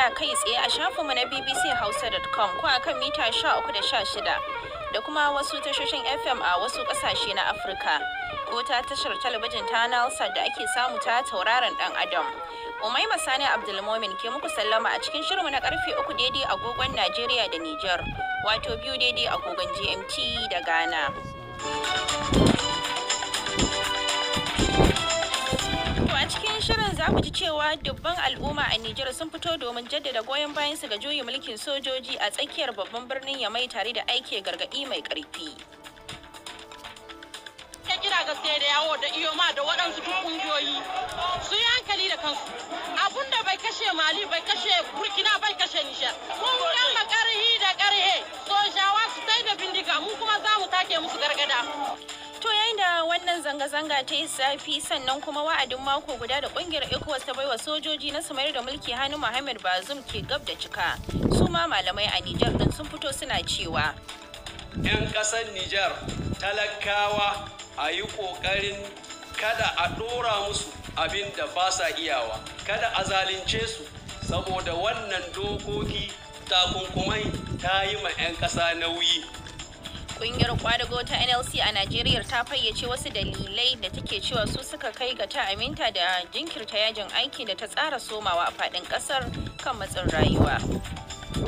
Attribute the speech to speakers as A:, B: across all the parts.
A: magana kai tsaye a shafin mu na bbchausa.com ko a kan mita 13 da da kuma wasu tashoshin FM a wasu kasashe na Afirka ko ta tashar talabijin ta da ake samu ta tauraron dan Adam. Umaima Sani Abdulmomin ke muku sallama a cikin shirinmu na karfe uku daidai agogon Najeriya da niger wato biyu daidai agogon GMT da Ghana. za ku ji cewa dubban al'umma a Nijar sun fito domin jaddada goyon bayansu ga juyin mulkin sojoji a tsakiyar babban birnin Yamai tare da aike gargaɗi mai ƙarfi. Ta kira ga
B: sai da yawo da iyo ma da waɗansu duk ƙungiyoyi su yi hankali da kansu. Abun da bai kashe Mali bai kashe Burkina bai kashe Nijar. kun gama ƙarhi da ƙarhe sojawa su tai da bindiga mu kuma za mu take musu gargada. to yayin da wannan
A: zanga-zanga ta yi zafi sannan kuma wa'adin mako guda da kungiyar ecowas ta baiwa sojoji na su da mulki hannu muhammad bazum ke gab da cika su ma malamai a nijar din sun fito suna cewa
C: 'yan ƙasar nijar talakawa a yi ƙoƙarin kada a ɗora musu abin da ba sa iyawa kada a zalunce su saboda wannan dokoki takunkumai ta yi ma 'yan ƙasa nauyi
A: Kungiyar kwadago ta NLC a Najeriya ta fayyace wasu dalilai da take cewa su suka kai ga ta aminta da jinkirta yajin aiki da ta tsara somawa a fadin ƙasar kan matsin
D: rayuwa.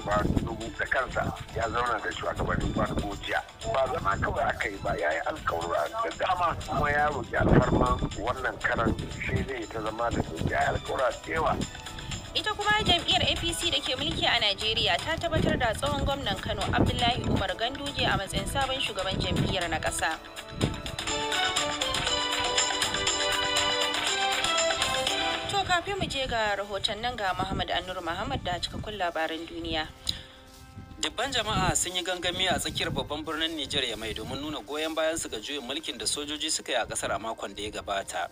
D: ba dubu da kansa ya zauna da shugabannin farko jiya ba zama kawai aka yi ba ya yi alkawura da dama kuma ya
A: roƙi alfarma wannan karan shi zai ta zama da ya yi alkawarwa da yawa ita kuma jam'iyyar apc da ke mulki a najeriya ta tabbatar da tsohon gwamnan kano abdullahi umar ganduje a matsayin sabon shugaban jam'iyyar na ƙasa kafin mu je ga rahoton nan ga Muhammad annur Muhammad da cikakkun labaran duniya.
E: Dubban jama'a sun yi gangami a tsakiyar babban birnin Nijar ya mai domin nuna goyon bayan su ga juyin mulkin da sojoji suka yi a kasar a makon da ya gabata.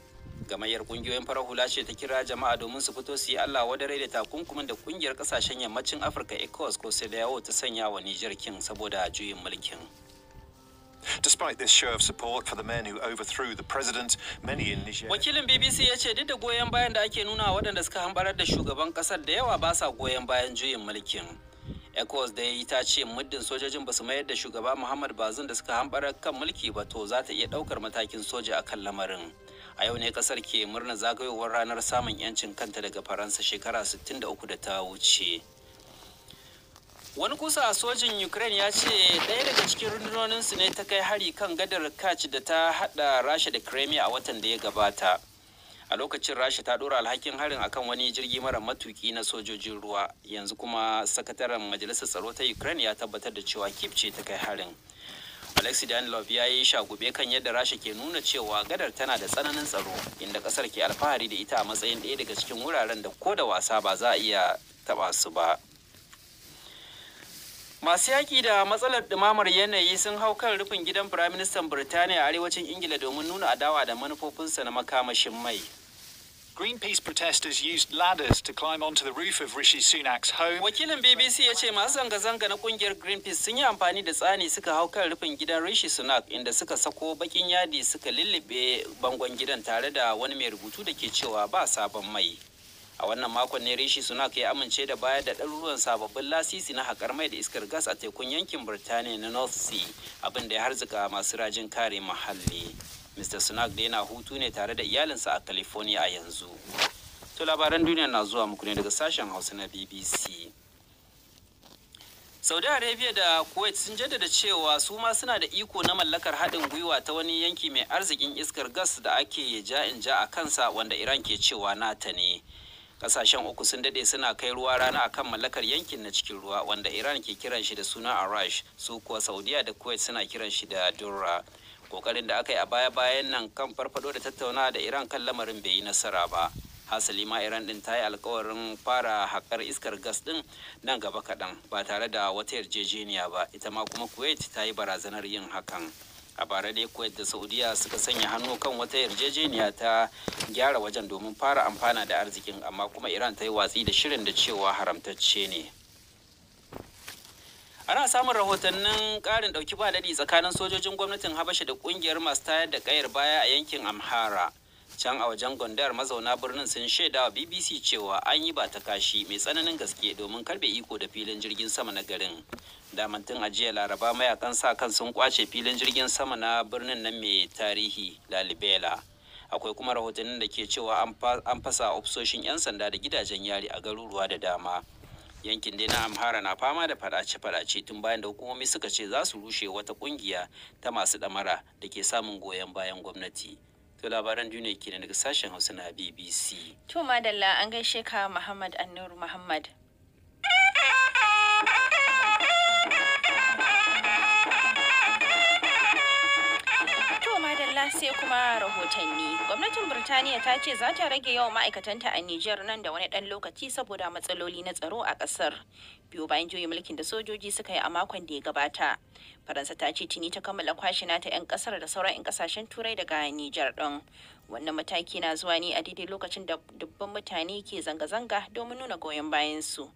E: gamayyar kungiyoyin farar hula ce ta kira jama'a domin su fito su yi Allah wadare da takunkumin da kungiyar kasashen yammacin Afirka ECOWAS ko yawo ta sanya wa Nijar kin
F: saboda juyin mulkin. Despite this show of support for the men who overthrew the president, many in Niger.
E: Wakilin BBC ya ce duk da goyon bayan da ake nuna waɗanda suka hambarar da shugaban ƙasar da yawa ba sa goyon bayan juyin mulkin. ECOWAS da yi ta ce muddin sojojin ba su mayar da shugaba Muhammad Bazin da suka hambarar kan mulki ba to za ta iya ɗaukar matakin soja a kan lamarin. a yau ne kasar ke murna zagayowar ranar samun yancin kanta daga faransa shekara 63 da ta wuce wani kusa a sojin ukraine ya ce ɗaya daga cikin rundunoninsu ne ta kai hari kan gadar kach da ta hada rasha da crimea a watan da ya gabata a lokacin rasha ta dora alhakin harin akan wani jirgi mara matuki na sojojin ruwa yanzu kuma sakataren majalisar tsaro ta ukraine ya tabbatar da cewa kif ce ta kai harin alexi danilov ya yi shagube kan yadda rasha ke nuna cewa gadar tana da tsananin tsaro inda kasar ke alfahari da ita a matsayin ɗaya daga cikin wuraren da ko da wasa ba za a iya taɓa su ba Masu yaƙi da matsalar ɗumamar yanayi sun hau kan rufin gidan Firaministan Birtaniya a arewacin Ingila domin nuna adawa da manufofinsa na makamashin mai. Greenpeace protesters used ladders to climb onto the roof of Rishi Sunak's home. Wakilin BBC ya ce masu zanga-zanga na kungiyar Greenpeace sun yi amfani da tsani suka hau kan rufin gidan Rishi Sunak inda suka sako bakin yadi suka lullube bangon gidan tare da wani mai rubutu da ke cewa ba sabon mai. A wannan makon ne Rishi Sunak ya amince da bayar da ɗaruruwan sababbin lasisi na haƙar mai da iskar gas a tekun yankin Birtaniya na North Sea abinda ya harzuka masu rajin kare muhalli. mr sunak da yana hutu ne tare da iyalinsa a california a yanzu to labaran duniya na zuwa muku ne daga sashen hausa na bbc saudi arabia da kuwait sun jaddada cewa su ma suna da iko na mallakar haɗin gwiwa ta wani yanki mai arzikin iskar gas da ake ja in ja a kansa wanda iran ke cewa nata ne kasashen uku sun dade suna kai ruwa rana akan mallakar yankin na cikin ruwa wanda iran ke kiran shi da suna arash su kuwa saudiya da kuwait suna kiran shi da durra kokarin da aka yi a baya-bayan nan kan farfado da tattauna da iran kan lamarin bai yi nasara ba hasali ma iran din ta yi alkawarin fara haƙar iskar gas din nan gaba kaɗan ba tare da wata yarjejeniya ba ita ma kuma kuwait ta yi barazanar yin hakan a bara dai kuwait da saudiya suka sanya hannu kan wata yarjejeniya ta gyara wajen domin fara amfana da arzikin amma kuma iran ta yi watsi da shirin da cewa haramtacce ne ana samun rahotannin karin ɗauki ba daɗi tsakanin sojojin gwamnatin habasha da ƙungiyar masu tayar da kayar baya a yankin amhara can a wajen gondar mazauna birnin sun shaida wa bbc cewa an yi ba ta kashi mai tsananin gaske domin karbe iko da filin jirgin sama na garin damantin ajiya laraba mayakan sa kan sun kwace filin jirgin sama na birnin nan mai tarihi lalibela akwai kuma rahotannin da ke cewa an fasa ofisoshin 'yan sanda da gidajen yari a garuruwa da dama yankin dai na amhara na fama da fadace-fadace tun bayan da hukumomi suka ce za su rushe wata kungiya ta masu damara da ke samun goyon bayan gwamnati to labaran duniya ke daga sashen hausa na bbc
A: to madalla an gaishe ka muhammad annur muhammad sai kuma rahotanni. Gwamnatin Birtaniya ta ce za ta rage yawan ma'aikatanta a Nijar nan da wani dan lokaci saboda matsaloli na tsaro a kasar Biyu bayan juyin mulkin da sojoji suka yi a makon da ya gabata. Faransa ta ce tuni ta kammala kwashina ta 'yan kasar da sauran 'yan kasashen Turai daga Nijar din. wannan mataki na zuwa ne a daidai lokacin da dubban mutane ke zanga-zanga domin nuna goyon bayansu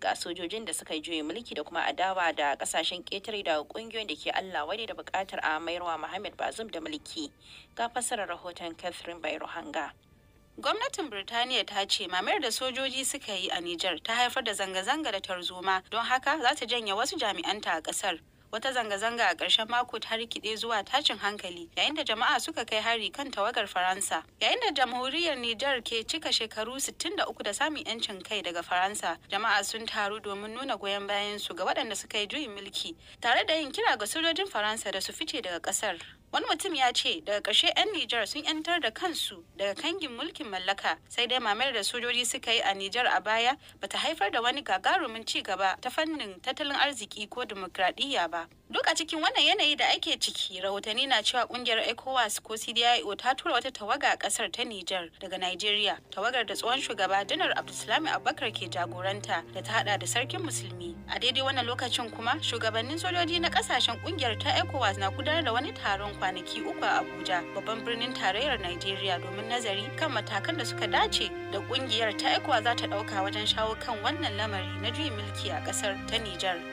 A: ga sojojin da suka yi juye mulki da kuma adawa da kasashen ƙetare da ƙungiyoyin da ke allah wadai da buƙatar a mayarwa muhammad bazum da mulki ga fassarar rahoton catherine bayrohanga Gwamnatin Birtaniya ta ce mamayar da sojoji
G: suka yi a Nijar ta haifar da zanga-zanga da tarzoma don haka za ta janye wasu jami'anta a ƙasar. wata zanga-zanga a ƙarshen mako ta rikide zuwa tashin hankali yayin da jama'a suka kai hari kan tawagar faransa yayin da jamhuriyar nijar ke cika shekaru 63 da samun yancin kai daga faransa jama'a sun taru domin nuna goyon bayan su ga waɗanda suka yi juyin mulki tare da yin kira ga sojojin faransa da su fice daga ƙasar Wani mutum ya ce daga ƙarshe 'yan Nijar sun 'yantar da kansu daga kangin mulkin mallaka sai dai mamayar da sojoji suka yi a Nijar a baya bata haifar da wani gagarumin ci gaba ta fannin tattalin arziki ko dimokuraɗiyya ba. Duk a cikin wannan yanayi da ake ciki, rahotanni na cewa kungiyar ECOWAS ko CDIO ta tura wata tawaga a kasar ta Nijar daga Nigeria. Tawagar da tsohon shugaba Janar Abdulsalami Abubakar ke jagoranta da ta hada da sarkin musulmi. A daidai wannan lokacin kuma shugabannin sojoji na kasashen kungiyar ta ECOWAS na gudanar da wani taron kwanaki uku a Abuja, babban birnin tarayyar Nigeria domin nazari kan matakan da suka dace da kungiyar ta ECOWAS za ta dauka
A: wajen shawo kan wannan lamari na juyin mulki a kasar ta Nijar.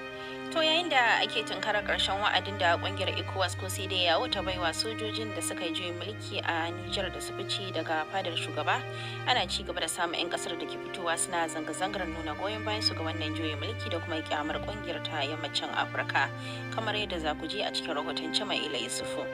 A: To yayin da ake tunkarar ƙarshen wa'adin da ƙungiyar ECOWAS ko sai dai yawo ta baiwa sojojin da suka yi juyin mulki a Nijar da su fice daga fadar shugaba, ana ci gaba da samun 'yan kasar da ke fitowa suna zanga-zangar nuna goyon bayan su ga wannan juyin mulki da kuma kyamar ƙungiyar ta yammacin Afirka,
B: kamar yadda za ku je a cikin rahoton ila Yusufu.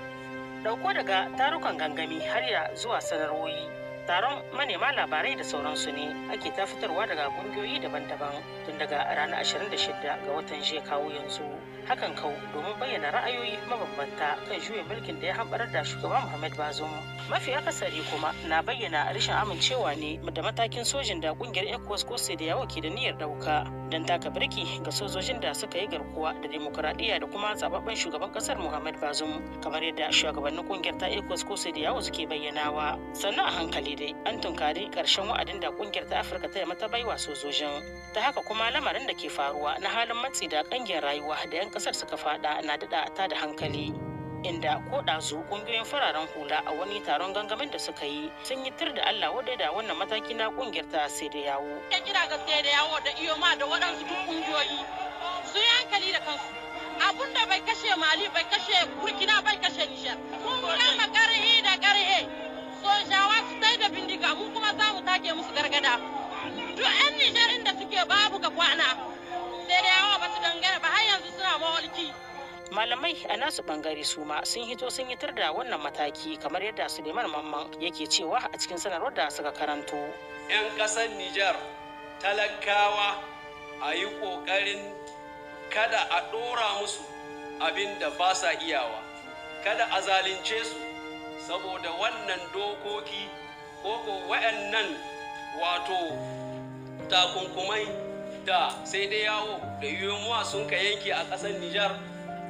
B: Dauko daga tarukan gangami har ya zuwa sanarwoyi. taron manema labarai da sauransu ne ake ta fitarwa daga kungiyoyi daban-daban tun daga ranar 26 ga watan jiya kawo yanzu hakan kau domin bayyana ra'ayoyi mabambanta kan juya mulkin da ya hambarar da shugaban muhammad bazum mafi akasari kuma na bayyana rashin amincewa ne da matakin sojin da kungiyar ecowas ko sai da yawo ke da niyyar dauka don taka birki ga sojojin da suka yi garkuwa da demokuraɗiyya da kuma zababben shugaban ƙasar muhammad bazum kamar yadda shugabannin kungiyar ta ecos ko sai da yawo suke bayyanawa sannan a hankali dai an tunkari ƙarshen wa'adin da kungiyar ta afirka ta yamma ta baiwa sojojin ta haka kuma lamarin da ke faruwa na halin matsi da ƙangiyar rayuwa da 'yan ƙasar suka faɗa na daɗa ta da hankali inda ko ɗazu ƙungiyoyin fararen hula a wani taron gangamin da suka yi sun yi tir da Allah wadai da wannan mataki na ƙungiyar ta sai da yawo. Ya kira ga sai da yawo da iyo ma da waɗansu duk ƙungiyoyi su yi hankali da kansu. Abun da bai kashe Mali bai kashe Burkina bai kashe Nijar. Mun kama ƙarhe da ƙarhe. Sojawa su sai da bindiga mu kuma za mu take musu gargada. Duk 'yan Nijarin da suke babu ga kwana. Sai da yawo ba su dangana ba har yanzu suna mawalki. malamai a nasu bangare su ma sun hito sun yi da wannan mataki kamar yadda suleiman mamman yake cewa a cikin sanarwar da suka karanto
C: 'yan ƙasar nijar talakawa a yi ƙoƙarin kada a ɗora musu abin da ba sa iyawa kada a zalunce su saboda wannan dokoki ko wa'annan wato takunkumai da sai dai yawo da yiwuwa sun ka yanke a ƙasar nijar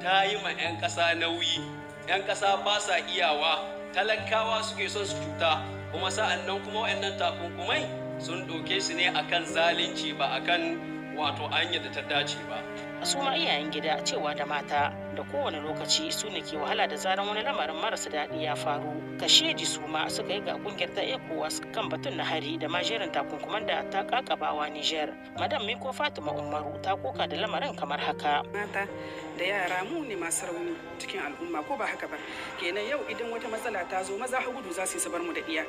C: ta yi ma 'yan ƙasa nauyi 'yan ƙasa ba sa iyawa talakawa suke son su cuta kuma sa'an nan kuma waɗannan takunkumai sun ɗauke su ne akan zalunci ba akan wato hanyar da ta dace ba
B: a suma iyayen gida cewa da mata da kowane lokaci su ne ke wahala da zaran wani lamarin marasa daɗi ya faru kasheji su ma suka yi ga kungiyar ta ecowas kan batun na hari da ma jerin takunkuman da ta kakabawa niger madam miko fatima umaru ta koka da lamarin kamar haka da yara mu ne masu rauni cikin al'umma ko ba haka ba kenan yau idan wata matsala ta zo maza ha gudu za su yi mu da iya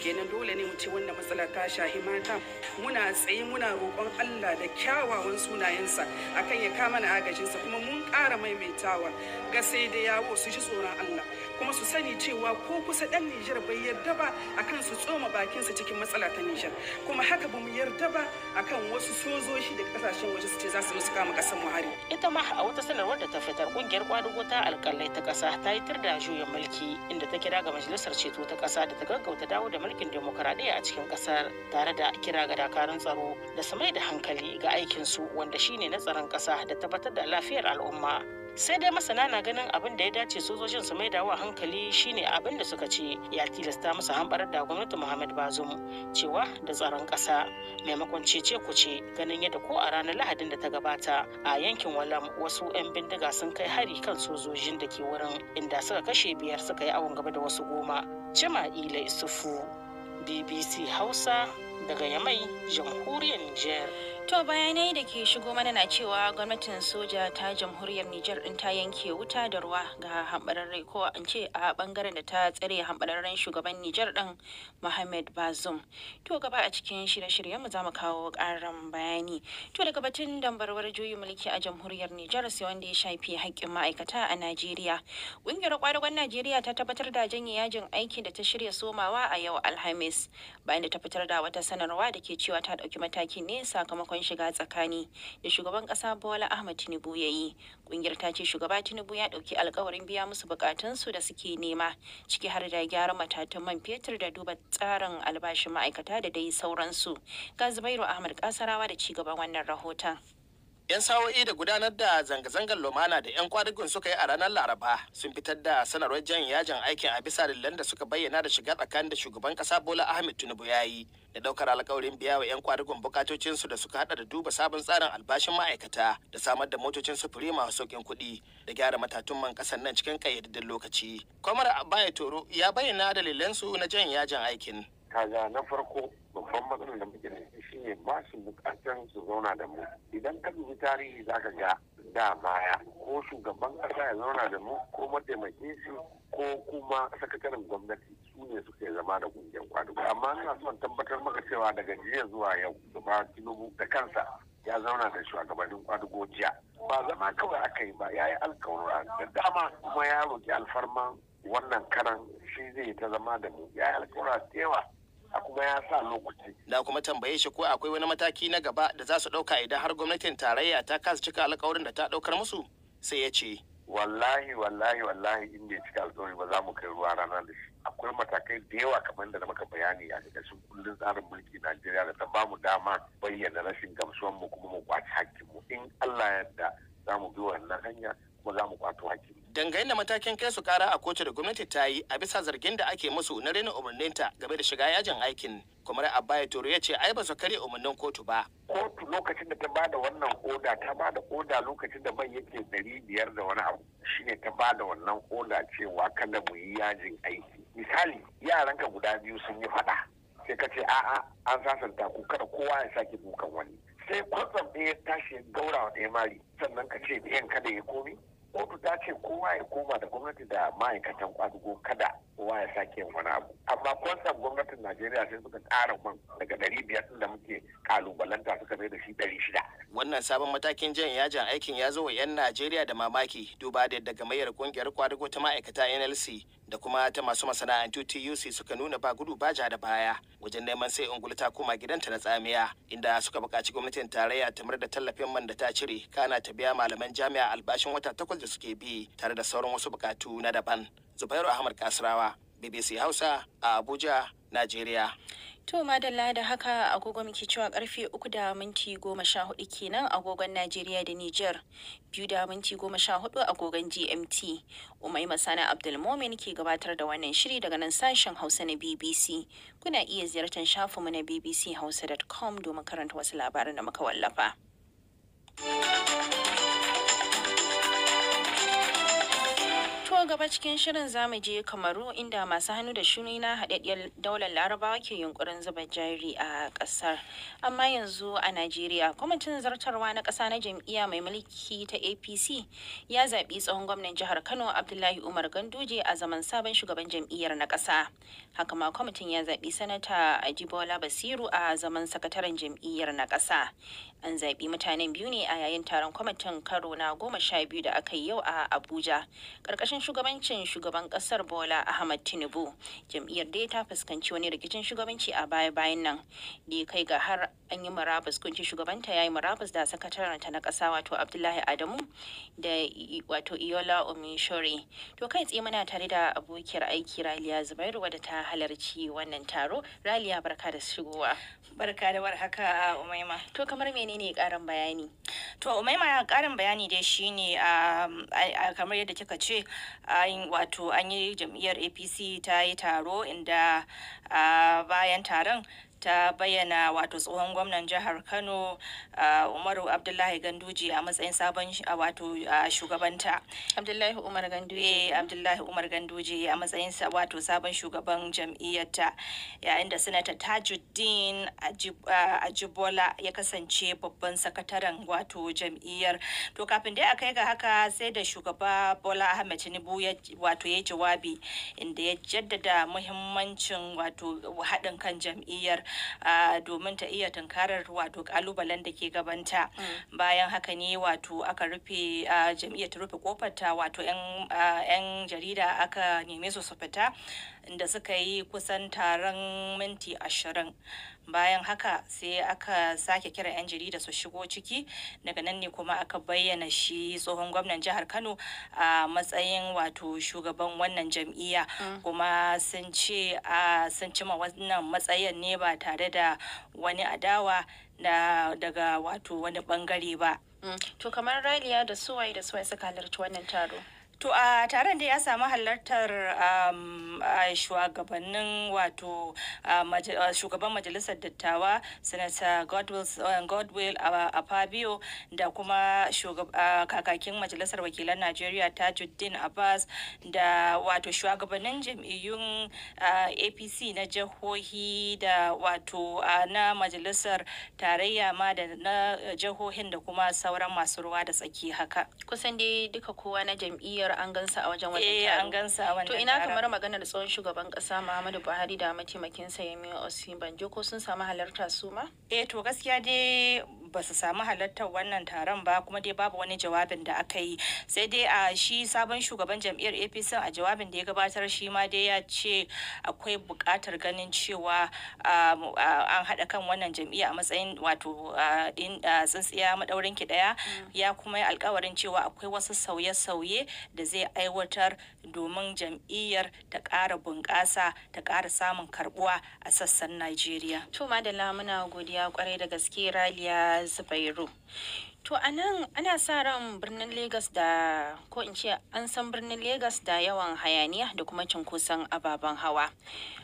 B: kenan dole ne mu ce wannan matsala ta shahi mata muna tsaye muna roƙon Allah da kyawawan sunayensa akan ya kama na agajinsa kuma mun ƙara maimaitawa ga sai da yawo su ji tsoron Allah kuma su sani cewa ko kusa ɗan Nijar bai yarda ba akan su tsoma bakinsa cikin matsala ta Nijar kuma haka ba mu yarda ba akan wasu sojoji da kasashen waje su ce za su musu kama ƙasar mu hari ita ma a wata sanarwa wadda da ta fitar kungiyar kwadugo ta alkalai ta kasa ta yi tirda juyin mulki inda ta kira ga majalisar ceto ta kasa da ta gaggauta dawo da mulkin demokaradiyya a cikin kasar tare da kira ga dakarun tsaro da su mai da hankali ga aikinsu wanda shine na tsaron kasa da tabbatar da lafiyar al'umma sai dai masana na ganin abin da ya dace sojojin su maida wa hankali shine abin da suka ce ya tilasta musu hambarar da gwamnati muhammad bazum cewa da tsaron ƙasa maimakon cece ku ce ganin yadda ko a ranar lahadin da ta gabata a yankin walam wasu 'yan bindiga sun kai hari kan sojojin da ke wurin inda suka kashe biyar suka yi awon gaba da wasu goma ila isufu bbc hausa daga yamai jamhuriyar
A: niger To bayanai da ke shigo mana na cewa gwamnatin soja ta jamhuriyar Nijar din ta yanke wuta da ruwa ga hambararre ko an ce a bangaren da ta tsare hambararren shugaban Nijar din Mohamed Bazoum. To gaba a cikin shirye mu za mu kawo ƙarin bayani. To daga batun dambarwar juyin mulki a jamhuriyar Nijar sai wanda ya shafi haƙƙin ma'aikata a Najeriya. Ƙungiyar kwadagon Najeriya ta tabbatar da janye yajin aikin da ta shirya somawa a yau Alhamis bayan da ta fitar da wata sanarwa da ke cewa ta ɗauki matakin ne sakamakon neman shiga tsakani da shugaban kasa Bola Ahmad Tinubu ya yi. Kungiyar ta ce shugaba Tinubu ya dauki alkawarin biya musu bukatunsu da suke nema ciki har da gyaran matatan man fetur da duba tsarin albashin ma'aikata da dai sauransu. Ga Zubairu Ahmad
F: Kasarawa da ci gaban wannan rahoton. 'yan sawo'i da gudanar da zanga-zangar lumana da 'yan kwadugun suka yi a ranar laraba sun fitar da sanarwar jan yajin aikin a bisa dillan da suka bayyana da shiga tsakanin da shugaban kasa bola ahmed tinubu ya yi da daukar alkawarin biya wa 'yan kwadugun bukatocinsu da suka hada da duba sabon tsarin albashin ma'aikata da samar da motocin sufuri masu sauƙin kuɗi da gyara matatun man ƙasar nan cikin ƙayyadaddun lokaci kwamar abaya toro ya bayyana
D: dalilansu na jan yajin aikin kaga na farko babban matsalar da muke suke ba su bukatar su zauna da mu idan ka dubi tarihi za ka ga da baya ko shugaban kasa ya zauna da mu ko mataimakin shi ko kuma sakataren gwamnati su ne suke zama da kungiyar kwadugo amma ina son tabbatar maka cewa daga jiya zuwa yau gaba tinubu da kansa ya zauna da shugabannin kwadugo jiya ba zama kawai aka yi ba ya yi alkawura da dama kuma ya roki alfarman wannan karan shi zai ta zama
F: da mu ya yi alkawura da yawa a kuma ya sa lokaci. Da kuma tambaye shi ko akwai wani mataki na gaba da za su ɗauka idan har gwamnatin tarayya ta kasa cika alkawarin da ta ɗaukar musu
D: sai ya ce. Wallahi wallahi wallahi in bai cika alƙawari ba za mu kai ruwa rana da shi. Akwai matakai da yawa kamar da na maka bayani a ƙarƙashin kundin tsarin mulki Najeriya da ta ba mu dama bayyana rashin gamsuwan mu kuma mu kwaci mu in Allah yarda za mu bi wannan hanya
F: kuma za mu kwato hakkin dangane da matakin kai su kara a kotu da gwamnati ta yi a bisa zargin da ake musu na umarnin umarninta game da shiga yajin aikin kuma abaya toro ya ce ai ba su karya umarnin kotu ba
D: kotu lokacin da ta ba da wannan oda ta ba da oda lokacin da mai yake dari biyar da wani abu shine ta ba da wannan oda cewa kada mu yi yajin aiki misali yaranka guda biyu sun yi faɗa sai ka ce a'a an sasanta ku kada kowa ya sake dukan wani sai kwatsam ɗaya tashi gaurawa ɗaya mari sannan ka ce ɗayan kada ya komi kotu ta ce kowa ya koma da gwamnati da ma'aikatan kwadugo kada kowa ya sake wani abu amma kwansan gwamnatin najeriya sai suka tsara man daga ɗari biyar da muke kalubalanta
F: suka mai da shi ɗari shida. wannan sabon matakin jan yajin aikin ya zo wa 'yan najeriya da mamaki duba da yadda gamayyar ƙungiyar kwadugo ta ma'aikata nlc da kuma ta masu masana'antu tuc suka nuna ba gudu ba ja da baya wajen neman sai ungulu ta koma gidanta na tsamiya inda suka buƙaci gwamnatin tarayya ta da tallafin man da ta cire kana ta biya malaman jami'a albashin wata takwas da suke bi tare da sauran wasu buƙatu na daban zubairu ahmad kasrawa bbc hausa a abuja najeriya
A: To madalla da haka agogo muke cewa karfe uku da minti goma sha hudu kenan agogon Najeriya da Nijar. Biyu da minti goma sha hudu agogon GMT. Masana abdul momin ke gabatar da wannan shiri daga nan sashen Hausa na BBC. Kuna iya ziyartar shafinmu na bbchausa.com domin karanta wasu labaran da muka wallafa. To gaba cikin shirin zamu je Kamaru inda masu hannu da shuni na haɗaɗɗiyar daular Larabawa ke yunkurin zuba jari a ƙasar. Amma yanzu a Najeriya, kwamitin zartarwa na ƙasa na jam'iyya mai mulki ta APC ya zaɓi tsohon gwamnan jihar Kano Abdullahi Umar Ganduje a zaman sabon shugaban jam'iyyar na ƙasa. Haka ma kwamitin ya zaɓi sanata Ajibola Basiru a zaman sakataren jam'iyyar na ƙasa. An zaɓi mutanen biyu ne a yayin taron kwamitin karo na goma sha biyu da aka yi yau a Abuja. Ƙarƙashin karkashin shugabancin shugaban kasar Bola Ahmad Tinubu. Jam'iyyar dai ta fuskanci wani rikicin shugabanci a baya-bayan nan da ya kai ga har an yi murabus kunci shugabanta ya yi murabus da sakataranta na kasa wato Abdullahi Adamu da wato Iola Omishore. To kai tsaye muna tare da abokiyar aiki Raliya Zubairu wadda ta halarci wannan taro. Raliya barka da shigowa. barka da a umaima
H: to kamar menene karin bayani to umaima karin bayani dai shine um, a kamar yadda kika ce wato an yi jam'iyyar apc ta yi taro inda uh, bayan taron ta bayyana wato tsohon gwamnan jihar kano umaru abdullahi ganduji a matsayin sabon wato shugabanta abdullahi umar ganduji eh, abdullahi umar ganduji a matsayin wato sabon shugaban jam'iyyarta yayin da sanata tajuddin ajibola ya kasance babban sakataren wato jam'iyyar to kafin dai a kai ga haka sai da shugaba bola ahmed tinubu wato ya jawabi inda ya jaddada muhimmancin wato haɗin kan jam'iyyar domin ta iya tunkarar wato kalubalen da ke gabanta mm. bayan haka ne wato aka rufe jam'iyyar ta rufe kofar wato 'yan jarida aka neme su su fita da suka yi kusan taron minti ashirin bayan haka sai aka sake kira 'yan jarida su shigo ciki daga nan ne kuma aka bayyana shi tsohon gwamnan jihar kano a matsayin wato shugaban wannan jam'iyya mm. kuma sun ce sun cima wannan matsayin ne ba tare da wani adawa daga wato wani bangare ba
A: mm. to kamar raliya da suwai da suwai suka halarci wannan taro
H: to a taron da ya samu halartar um, shugabannin wato shugaban majalisar dattawa senator godwill a fabio da kuma kakakin majalisar wakilan najeriya tajuddin abbas da wato shugabannin jam'iyyun apc na jihohi da wato na majalisar tarayya
A: ma da na jihohin da kuma sauran masu ruwa da tsaki haka kusan dai duka kowa na jam'iyyar Nijar an gansa a wajen wajen taro. Eh an gansa a wannan To ina kamar maganar tsohon shugaban kasa Muhammadu Buhari da mataimakinsa Yemi banjo ko sun samu halarta su ma? Eh to gaskiya dai
H: ba su samu halartar wannan taron ba kuma dai babu wani jawabin da aka yi sai dai a shi sabon shugaban jam'iyyar apc a jawabin da ya gabatar shi ma dai ya ce akwai buƙatar ganin cewa an haɗa kan wannan jam'iyya a matsayin wato tsintsiya maɗaurin ki ɗaya mm. ya kuma yi alkawarin cewa akwai wasu sauye-sauye da zai aiwatar domin jam'iyyar ta ƙara bunƙasa ta ƙara
A: samun karɓuwa a sassan najeriya to madalla muna godiya kwarai da gaske raliya as Peru. To a nan ana sa ran birnin Legas da ko in ce an san birnin Legas da yawan hayaniya da kuma cunkoson ababen hawa.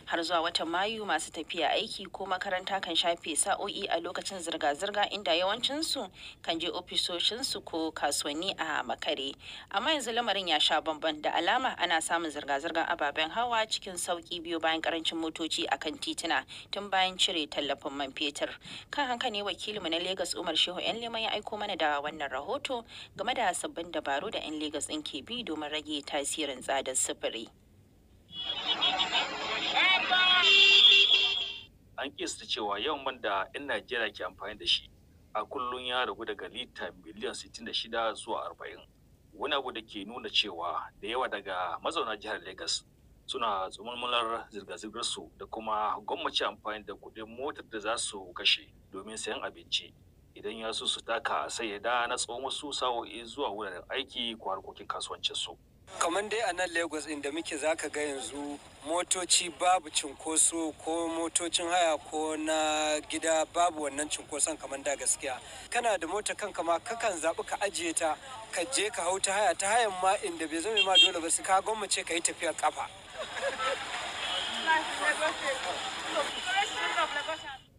A: Har zuwa watan Mayu masu tafiya aiki ko makaranta kan shafe sa'o'i a lokacin zirga-zirga inda yawancinsu kan je ofisoshinsu ko kasuwanni a makare. Amma yanzu lamarin ya sha bamban da alama ana samun zirga-zirgar ababen hawa cikin sauki biyu bayan karancin motoci a kan tituna tun bayan cire tallafin man fetur. Kan haka ne wakilinmu na Legas Umar Shehu 'yan Liman ya aiko mana da wannan rahoto game da sabbin dabaru da 'yan Legas ɗin ke bi domin rage tasirin tsadar sufuri.
I: An kista cewa yawan man da 'yan Najeriya ke amfani da shi a kullum ya ragu daga lita miliyan 66 zuwa 40. Wani abu da ke nuna cewa da yawa daga mazauna jihar Legas suna tsumulmular zirga-zirgarsu da kuma gwamnati amfani da kuɗin motar da za su kashe domin sayan abinci. idan ya su taka sai ya da na tsawon wasu sa'o'i zuwa wuraren aiki ko harkokin kasuwancin su.
E: kamar dai a nan lagos inda muke ka ga yanzu motoci babu cinkoso ko motocin haya ko na gida babu wannan cinkoson kamar da gaskiya kana da mota kanka ma kakan zaɓi ka ajiye ta ka je ka hau ta haya ta hayan ma inda bai zama ma dole ba su ka gwammace ka yi tafiyar kafa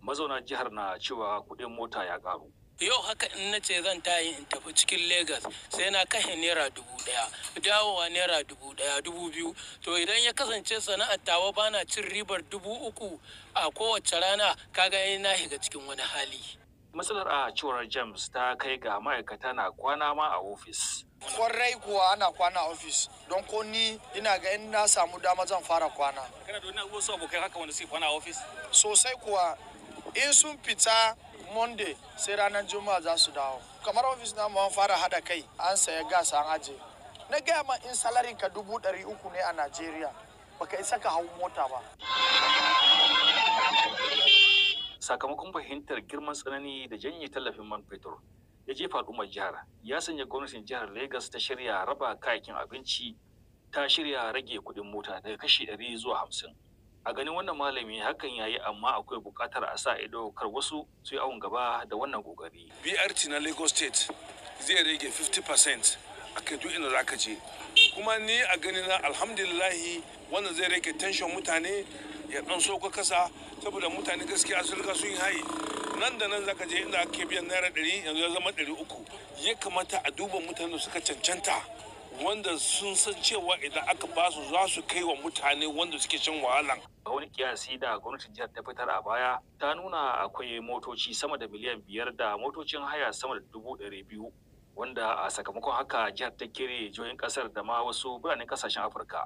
I: mazauna jihar na cewa kuɗin mota ya ƙaru.
C: yau haka in na ce zan tayi in tafi cikin Legas sai na kashe naira dubu daya dawowa naira dubu daya dubu biyu to idan ya kasance sana'ar tawa bana cin
I: ribar dubu uku a kowace rana kaga yi na shiga cikin wani hali. matsalar a cewar james ta kai ga ma'aikata na kwana ma a ofis.
F: kwarai kuwa ana kwana a ofis don ko ni ina ga in na samu dama zan fara kwana. kana da wani su abokai haka wanda suke kwana a ofis. sosai kuwa in sun fita monday sai ranar juma'a za su dawo kamar ofis na mu an fara hada kai an saya gas an aje na gaya ma in salarin ka dubu ɗari uku ne a najeriya baka isa ka hau mota ba
I: sakamakon fahimtar girman tsanani da janye tallafin man fetur ya jefa al'ummar jihar ya sanya gwamnatin jihar Legas ta shirya raba kayakin abinci ta shirya rage kuɗin mota daga kashi ɗari zuwa hamsin a ganin wannan malami hakan ya yi amma akwai bukatar a sa ido kar wasu su yi awon gaba da wannan
J: ƙoƙari. brt na lagos state zai rage 50% a kai duk inda za je kuma ni a ganina alhamdulillahi wannan zai rage tension mutane ya dan sauka kasa saboda mutane gaskiya sun riga sun yi hayi nan da nan zaka je inda ake biyan naira ɗari yanzu ya zama ɗari uku ya kamata a duba mutane da suka cancanta wanda sun san cewa idan aka basu su za su kai wa mutane wanda suke shan wahalan a
I: wani kiyasi da gwamnatin jihar ta fitar a baya ta nuna akwai motoci sama da miliyan biyar da motocin haya sama da dubu ɗari biyu wanda a sakamakon haka jihar ta kere jihohin kasar da ma wasu biranen kasashen afirka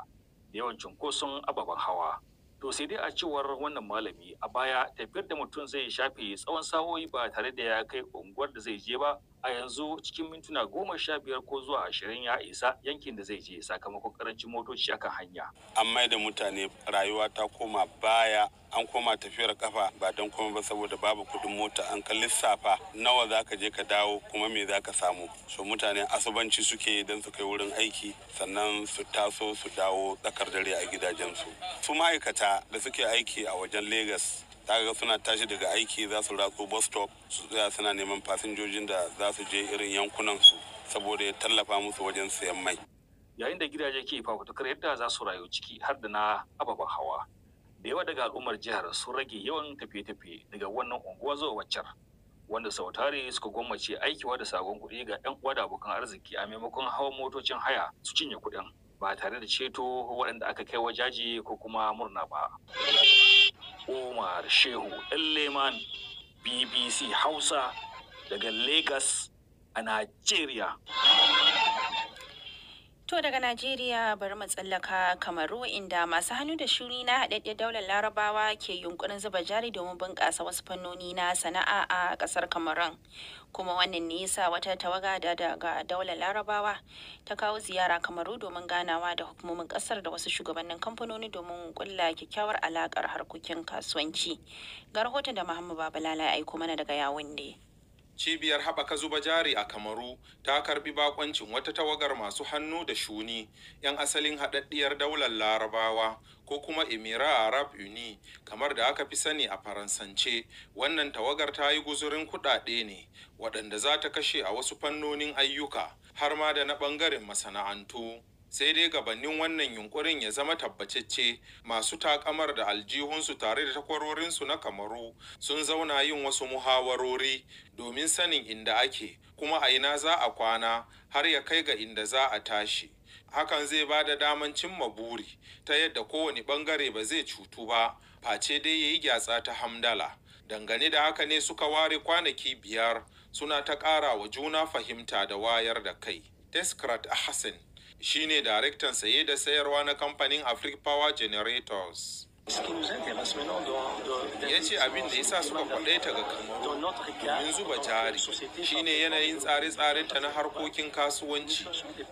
I: da yawan cunkoson ababen hawa to sai dai a cewar wannan malami a baya tafiyar da mutum zai shafe tsawon sa'o'i ba tare da ya kai unguwar da zai je ba a yanzu cikin mintuna goma sha biyar ko zuwa ashirin ya isa
J: yankin da zai je sakamakon karancin motoci kan hanya. An mai da mutane rayuwa ta koma baya an koma tafiyar kafa ba don komai ba saboda babu kudin mota an ka lissafa nawa za ka je ka dawo kuma me za ka samu so mutane asubanci suke don su kai wurin aiki sannan su taso su dawo tsakar dare a gidajensu su ma'aikata da suke aiki a wajen Legas za suna tashi daga aiki za su ratso bus stop su tsaya suna neman fasinjojin da za su je irin yankunan su saboda ya tallafa musu wajen sayan mai
I: yayin da gidaje ke fafutukar yadda za su rayu ciki har da na ababen hawa da yawa daga al'ummar jihar sun rage yawan tafiye-tafiye daga wannan unguwa zuwa waccar wanda sau tare suka gwammace aikiwa da sabon kuɗi ga 'yan uwa da abokan arziki a maimakon hawan motocin haya su cinye kuɗin ba tare da ceto waɗanda aka kai wa jaji ko kuma murna ba. Umar Shehu Leman BBC Hausa daga Lagos a Najeriya.
A: To daga Najeriya bari mu tsallaka Kamaru inda masu hannu da shuni na haɗaɗɗiyar daular Larabawa ke yunkurin zuba jari domin bunƙasa wasu fannoni na sana'a a ƙasar Kamarun. Kuma wannan nisa wata tawaga da daga daular Larabawa ta kawo ziyara Kamaru domin ganawa da hukumomin ƙasar da wasu shugabannin kamfanoni domin kulla kyakkyawar alaƙar harkokin kasuwanci. Ga rahoton da Muhammad Babalala ya aiko mana daga ne
J: cibiyar haɓaka zuba jari a kamaru ta karbi bakoncin wata tawagar masu hannu da shuni 'yan asalin haɗaɗɗiyar daular larabawa ko kuma emira arab uni kamar da aka fi sani a faransance wannan tawagar ta yi guzurin kuɗaɗe ne waɗanda za ta kashe a wasu fannonin ayyuka har ma da na ɓangaren masana'antu sai dai gabanin wannan yunkurin ya zama tabbacecce masu takamar da aljihunsu tare da takwarorinsu na kamaru sun zauna yin wasu muhawarori domin sanin inda ake kuma a ina za a kwana har ya kai ga inda za a tashi hakan zai ba da daman cimma buri ta yadda kowane bangare ba zai cutu ba face dai ya yi gyatsa ta hamdala dangane da haka ne suka ware kwanaki biyar suna ta ƙara wa juna fahimta da wayar da kai. Deskrat Hassan shine daraktan saye da sayarwa na kamfanin Africa Power Generators. ya ce abin da ya sa suka kwaɗe ta ga kamaru in zuba jari shine yanayin tsare-tsaren ta na harkokin kasuwanci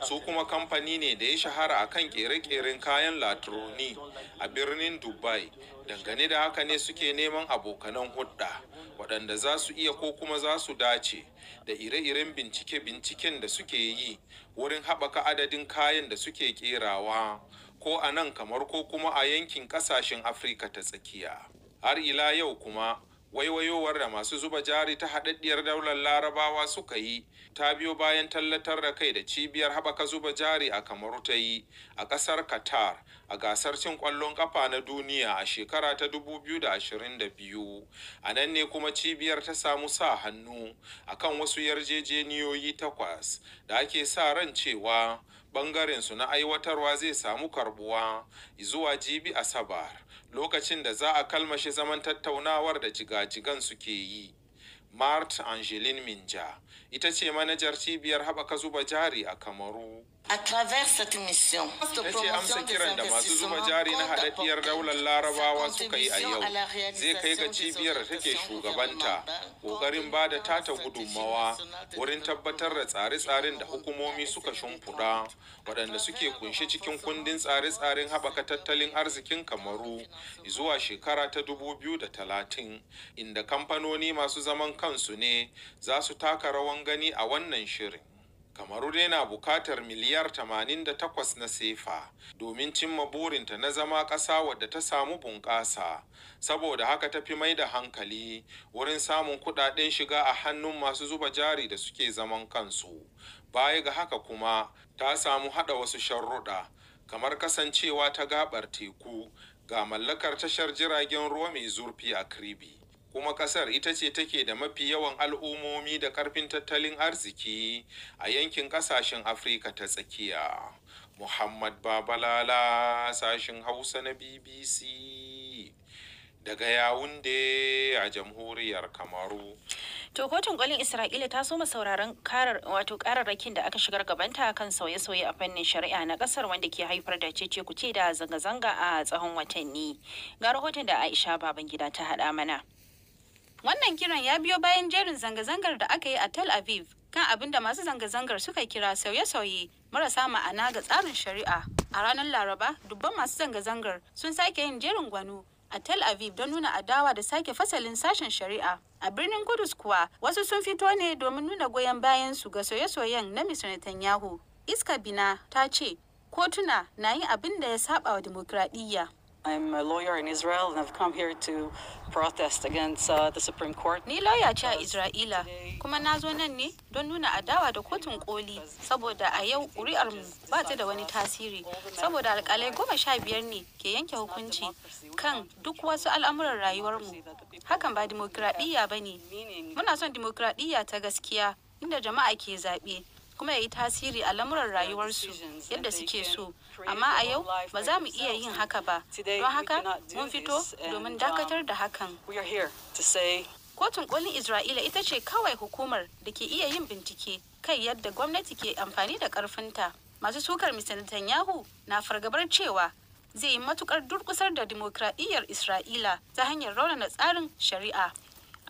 J: su kuma kamfani ne da ya shahara a kan kere-keren kayan latroni a birnin dubai dangane da haka ne suke neman abokanan hudda waɗanda za su iya ko kuma za su dace da ire-iren bincike-binciken da suke yi wurin haɓaka adadin kayan da suke ƙerawa ko a nan kamar ko kuma a yankin ƙasashen afirka ta tsakiya har ila yau kuma waiwayowar da masu zuba jari ta haɗaɗɗiyar daular larabawa suka yi ta biyo bayan tallatar da kai da cibiyar haɓaka zuba jari a kamaru ta yi a ƙasar qatar a gasar cin ƙwallon ƙafa na duniya a shekara ta 2022 a nan ne kuma cibiyar ta samu sa hannu A kan wasu yarjejeniyoyi takwas da ake sa ran cewa ɓangarensu na aiwatarwa zai samu karbuwa zuwa jibi asabar lokacin da za a kalmashi zaman tattaunawar da jigajigan suke yi. Mart Angeline Minja ita ce manajar cibiyar haɓaka zuba jari a Kamaru.
B: a travers cette mission. Ta ce amsa kiran da masu zuba jari na haɗaɗɗiyar
J: daular larabawa suka yi a yau zai kai ga cibiyar da take shugabanta ƙoƙarin ba da tata gudunmawa wurin tabbatar da tsare-tsaren da hukumomi suka shimfiɗa waɗanda suke kunshi cikin kundin tsare-tsaren haɓaka tattalin arzikin kamaru zuwa shekara ta dubu biyu da talatin, inda kamfanoni masu zaman kansu ne za su taka rawan gani a wannan shirin. kamaru dai na bukatar miliyar 88 na sefa domin cimma burinta na zama ƙasa wadda ta samu bunƙasa saboda haka ta fi mai da hankali wurin samun kuɗaɗen shiga a hannun masu zuba jari da suke zaman kansu baya ga haka kuma ta samu haɗa wasu sharruɗa kamar kasancewa ta gaɓar teku ga mallakar tashar jiragen ruwa mai zurfi a kribi kuma kasar ita ce take da mafi yawan al'ummomi da karfin tattalin arziki a yankin kasashen afirka ta tsakiya muhammad babalala sashin hausa na bbc daga yawun a jamhuriyar kamaru
A: To kotun kwalin Isra'ila ta soma sauraron karar wato kararrakin da aka shigar gabanta kan sauye-sauye a fannin shari'a na kasar wanda ke haifar da cece kuce da zanga-zanga a tsawon watanni. Ga rahoton da Aisha Babangida ta haɗa mana. Wannan kiran ya biyo bayan jerin zanga-zangar
G: da aka yi a Tel Aviv kan abin da masu zanga-zangar suka kira sauye-sauye marasa ma'ana ga tsarin shari'a. A ranar Laraba, dubban masu zanga-zangar sun sake yin jerin gwano a Tel Aviv don nuna adawa da sake fasalin sashen shari'a. A birnin Kudus kuwa, wasu sun fito ne domin nuna goyon bayan su ga sauye-sauyen na Mr. Netanyahu. Iska Bina ta ce, kotuna na yin abin da ya saba wa dimokuraɗiyya. I'm a lawyer in Israel and I've come here to protest against uh, the Supreme Court. Ni lauya ce a Isra'ila kuma na zo nan ne don nuna adawa da kotun koli saboda a yau ƙuri'ar mu ba ta da wani tasiri saboda alƙalai goma sha biyar ne ke yanke hukunci kan duk wasu al'amuran rayuwar mu. Hakan ba dimokuraɗiyya ba ne. Muna son dimokuraɗiyya ta gaskiya inda jama'a ke zaɓe. kuma ya yi tasiri a lamuran rayuwarsu yadda suke so amma a yau ba za mu iya yin haka ba don haka mun fito domin dakatar da hakan kotun kolin isra'ila ita ce kawai hukumar da ke iya yin bincike kai yadda gwamnati ke amfani da karfinta masu sukar mr netanyahu na fargabar cewa zai yi matukar durkusar da dimokuraɗiyyar
A: isra'ila ta hanyar raunana tsarin shari'a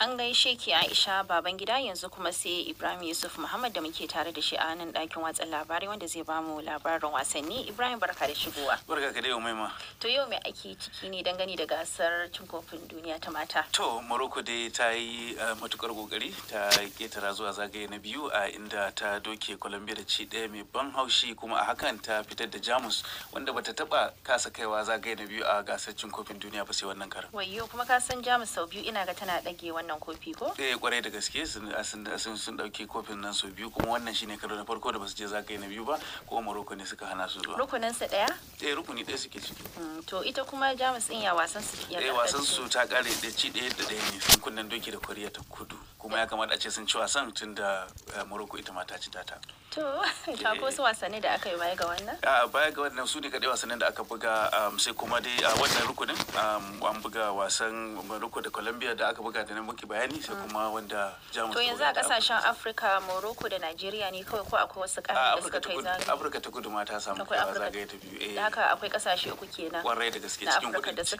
A: an gaishe ki aisha baban gida yanzu kuma sai ibrahim yusuf muhammad da muke tare da shi a nan dakin watsan labarai wanda zai ba mu labarin wasanni ibrahim barka
K: da shigowa barka ka dai maima
A: to yau mai ake ciki ne dan gani da gasar cin kofin duniya ta mata to
K: morocco dai ta yi eh, matukar kokari ta ketara zuwa zagaye na biyu a inda ta doke colombia da ci ɗaya mai ban haushi kuma a hakan ta fitar da jamus wanda bata taba kasa kaiwa zagaye na biyu a gasar cin kofin duniya ba sai wannan karan
A: wayo kuma ka san jamus sau biyu ina ga tana ɗage wannan wannan kofi ko?
K: Eh kwarai da gaske sun sun dauke kofin nan su biyu kuma wannan shine karo na farko da basu je zagaye na biyu ba ko Morocco ne suka hana su zuwa.
A: Rukunin su daya?
K: Eh rukuni daya suke ciki.
A: Mm, to ita kuma Jamus din ya wasan su ya Eh wasan su
K: ta kare da ci daya da daya ne kunnan doki da Koriya ta Kudu. kuma ya kamata a ce sun ci wasan tun da eh, Morocco ita ma ta ci data.
A: To, ta ko su wasanni da aka yi baya ga wannan?
K: A baya ga wannan su ne kaɗai wasannin da aka buga um, sai kuma dai a wannan rukunin um, an buga wasan Morocco da Colombia da aka buga da nan muke bayani sai mm. kuma wanda Jamus. To yanzu a kasashen
A: Afirka Morocco da nigeria ne kawai ko akwai wasu ƙasashe da suka kai zagaye?
K: Afirka ta kudu ma ta samu kaiwa zagaye ta biyu. Eh. Da
A: haka akwai ƙasashe uku kenan. Kwarai
K: da gaske cikin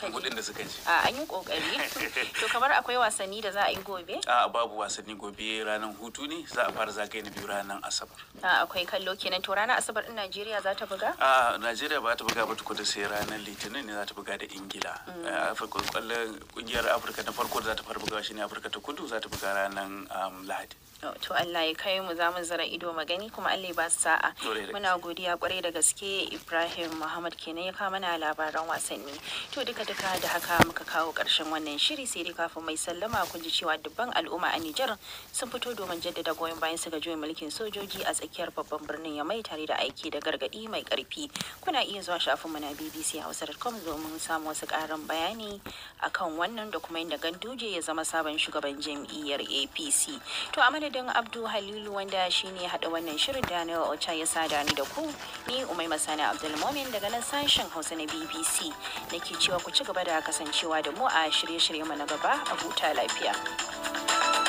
K: kudin da suka ji.
A: A an yi ƙoƙari. To kamar akwai wasanni da za a yi gobe?
K: A babu babu wasanni gobe ranar hutu ne za a fara zagaye na biyu ranar asabar
A: akwai kallo kenan to ranar asabar din najeriya za ta buga
K: a najeriya ba ta buga ba tukuna sai ranar litinin ne za ta buga da ingila mm. kungiyar afirka na farko za ta fara buga shi ne afirka ta kudu za ta buga ranar um, lahadi
A: oh, to Allah ya kai mu zamu zara ido magani kuma Allah ba sa'a muna godiya kwarai da gaske Ibrahim Muhammad kenan ya kawo mana labaran wasanni to duka duka da haka muka kawo karshen wannan shiri sai dai kafin mai sallama kun ji cewa dubban al'umma Nijar sun fito domin jaddada goyon bayan su ga juyin mulkin sojoji a tsakiyar babban birnin ya mai tare da aiki da gargadi mai karfi. Kuna iya zuwa shafinmu na BBC a Hausa.com domin samu wasu karin bayani akan wannan da kuma inda Ganduje ya zama sabon shugaban jam'iyyar APC. To a madadin Abdu Halilu wanda shine hada wannan shirin Daniel Ocha ya sada ni da ku ni Masani abdul Abdulmomin daga nan sashen Hausa na BBC nake cewa ku ci gaba da kasancewa da mu a shirye-shiryenmu na gaba a huta lafiya.